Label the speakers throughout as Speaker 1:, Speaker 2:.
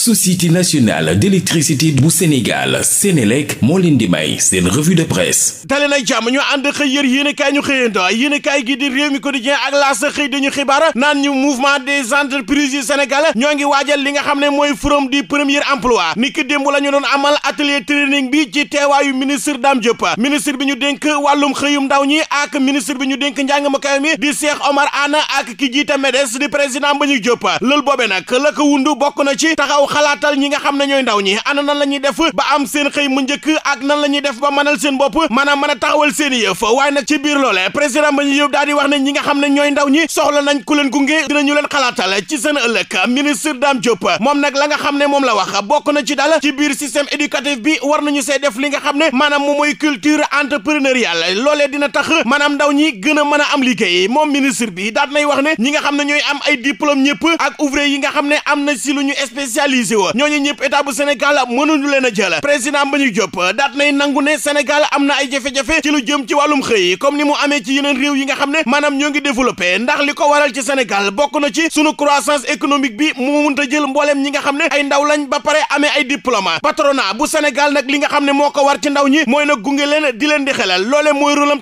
Speaker 1: société nationale d'électricité bu Sénégal Sénélec moo leen di may seen revue de presse dale na jàmm ñu ànd xëy yër yéen i kaay ñu xëyando yéen kaay gi di réew mi quotidien ak laa sa xëy dañu xibaar naan ñu mouvement des entreprises yu Sénégal ñoo ngi waajal li nga xam ne mooy forum du premier emploi ni ki démb la ñu doon amal atelier training bi ci teewaayu ministre Dame Diop ministre bi ñu dénk wàllum xëyum ndaw ñi ak ministre bi ñu dénk njàng ma kaw mi di Cheikh Omar Anne xalaatal ñi nga xam ne ñooy ndaw ñi ana nan la ñuy def ba am seen xëy mu njëkk ak nan la ñuy def ba mënal seen bopp maanaam mën a taxawal seen yëf waaye nag ci biir loolee président ba ñu yëw daal di wax ne ñi nga xam ne ñooy ndaw ñi soxla nañ ku leen gunge dinañu leen xalaatal ci seen ëllëg ministre Dame Diop moom nag la nga xam ne moom la wax bokk na ci daal ci biir système éducatif bi war nañu see def li nga xam ne maanaam moom mooy culture entrepreneuriale loolee dina tax maanaam ndaw ñi gën a mën a am liggéey moom ministre bi daat nay wax ne ñi nga xam ne ñooy am ay diplôme ñëpp ak yi nga xam ne am na si lu ñu spécialisé mobilisé wa ñooñu ñëpp état bu Sénégal mënuñu leen a jël président Mbagnick nangu ne Sénégal am na ay jafe-jafe ci lu jëm ci wàllum xëy comme ni mu amee ci yeneen réew yi nga xam ne maanaam ñoo ngi développé ndax li ko waral ci Sénégal bokk na ci sunu croissance économique bi mu munta jël mbooleem ñi nga xam ne ay ndaw lañ ba pare amee ay diplôme patronat bu Sénégal nag li nga xam ne moo ko war ci ndaw ñi mooy nag gunge leen di leen di xelal loolee mooy rôlam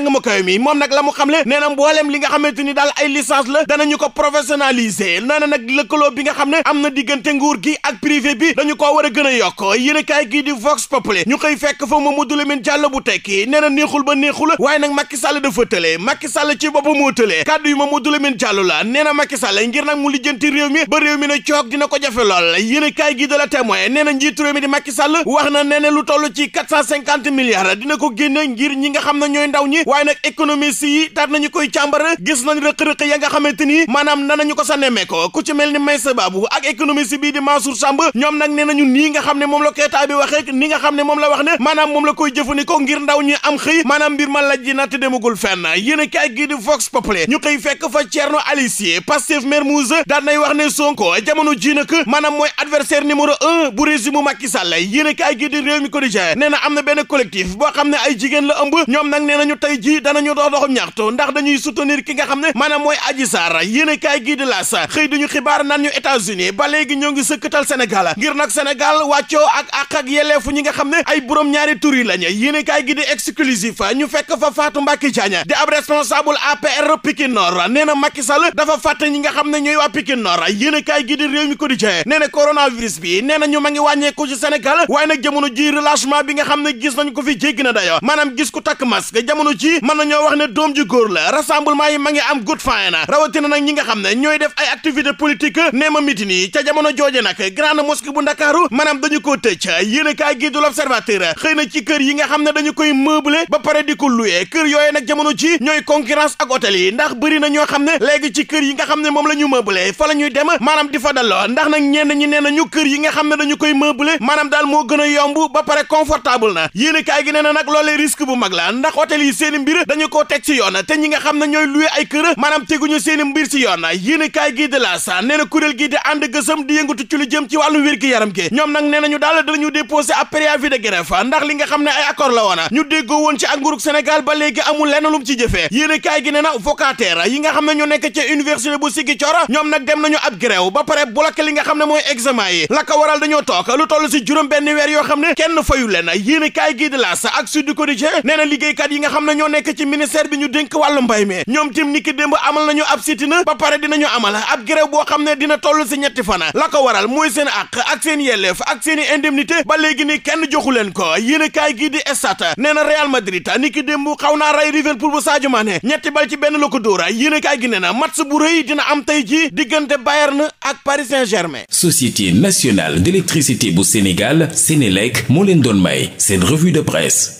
Speaker 1: njàng mu kawe mi moom nag la mu xamle nee na mbooleem li nga xamante ni daal ay licence la danañu ko professionnaliser nee na nag lëkkaloo bi nga xam ne am na diggante nguur gi ak privé bi dañu koo war a gën a yokk yéen kaay gii di Vox Populi ñu koy fekk fa Mamadou Lamine Diallo bu tekki nee na neexul ba neexul waaye nag Macky Sall dafa tële Macky Sall ci boppam moo tële ma yu Mamadou Lamine Diallo la nee na Macky Sall ngir nag mu lijjanti réew mi ba réew mi ne coog dina ko jafe kaay gii de la témoin nee na njiitu réew Sall wax na nee na lu toll ci quatre cent cinquante milliards dina ko génne ngir ñi nga xam ne ñooy ndaw ñi waaye nag économiste yi daat nañu koy càmbar gis nañ rëq-rëq ya nga xamante ni maanaam ñu ko sa nemmeeko ku ci mel ni Meissa Babou ak économiste bii di Mansour Samb ñoom nag nee nañu nii nga xam ne moom la ko état bi waxee ni nga xam ne moom la wax ne maanaam moom la koy jëfandikoo ngir ndaw ñi am xëy maanaam mbir ma laj ji natt demagul fenn yéen a kaay gii di Vox Populi ñu koy fekk fa Thierno Alice Sy Pastef Mermoz daan nay wax ne Sonko jamono ji nag maanaam mooy adversaire numéro Sall yéen a kaay ko di nee na am na benn collectif boo xam ne ay jigéen la ëmb ñoom nag nee nañu tey ji jii danañu dox doxum ñaxtu ndax dañuy soutenir ki nga xam ne maanaam mooy Adji Sarr yéen a kaay gii xëy duñu xibaar naan ñu États-Unis ba léegi ñoo ngi sëkkatal Sénégal ngir nag Sénégal wàccoo ak ak ak yelleefu ñi nga xam ne ay borom ñaari tur yi lañu yéen a kaay gii di ñu fekk fa Fatou Mbacké Diagne di ab responsable APR Pikine Nord nee na Macky dafa fàtte ñi nga xam ne ñooy waa Pikine Nord yéen a kaay gii di réew mi quotidien nee na nee na ñu ma ngi wàññeeku ci Sénégal waaye nag jamono ji relâchement bi nga xam ne gis nañ ko fi jéggi na dayo maanaam gis ku takk masque jamono ji mën nañoo wax ne doom ji góor la rassemblement yi ma ngi am good fin na rawatina nag ñi nga xam ne ñooy def ay activité politique nee ma mitin yi ca jamono jooje nag grande mosquée bu ndakaaru maanaam dañu koo tëj a kaay gi du na ci yi nga xam ne dañu koy meublé ba pare di ko loué kër yooyu nag jamono ji ñooy concurrence ak hôtel yi ndax bëri na ñoo xam ne léegi ci kër yi nga xam ne moom la ñu meublé fa la ñuy dem maanaam di fa dalloo ndax nag ñenn ñi nee nañu kër yi nga ne dañu koy meublé maanaam daal moo gën a yomb ba pare confortable na yéen a bu mag la ndax yi seen seeni mbir dañu koo teg ci yoon te ñi nga xam ne ñooy luwe ay kër maanaam teguñu seeni mbir ci yoon yéen kaay gii de la sa nee na gii jëm ci wàllu wér gi yaram gi ñoom nag nee daal danañu déposé ab de grève ne ay accord la woon ñu déggoo woon ci ak nguurug Sénégal ba léegi amul lenn ci jëfee yéen kaay gi nee na yi nga xam ne ñu nekk ci université bu Ziguinchor ñoom nag dem nañu ab grève ba pare bloqué li nga xam ne mooy examen yi la ko waral dañoo toog lu toll si juróom benn weer yoo xam ne kenn fayu leen yéen kaay na liggéeykat yi ñoo nekk ci ministère bi ñu dénk wàllu mbay mi ñoom tim niki démb amal nañu ab na ba pare dinañu amal ab grève boo xam ne dina toll si ñetti fana la ko waral mooy seen àq ak seen yelleef ak seen i indemnité ba léegi ni kenn joxu leen ko yéen a kaay gii di Stades nee na Real Madrid niki démb xaw naa ray Liverpool bu Sadio Mané ñetti bal ci benn la ko dóora yéen a kaay gi nee na match bu rëy dina am tey ji diggante na ak Paris Saint-Germain. Société nationale d'électricité bu Sénégal Sénélec moo leen doon may seen revue de presse.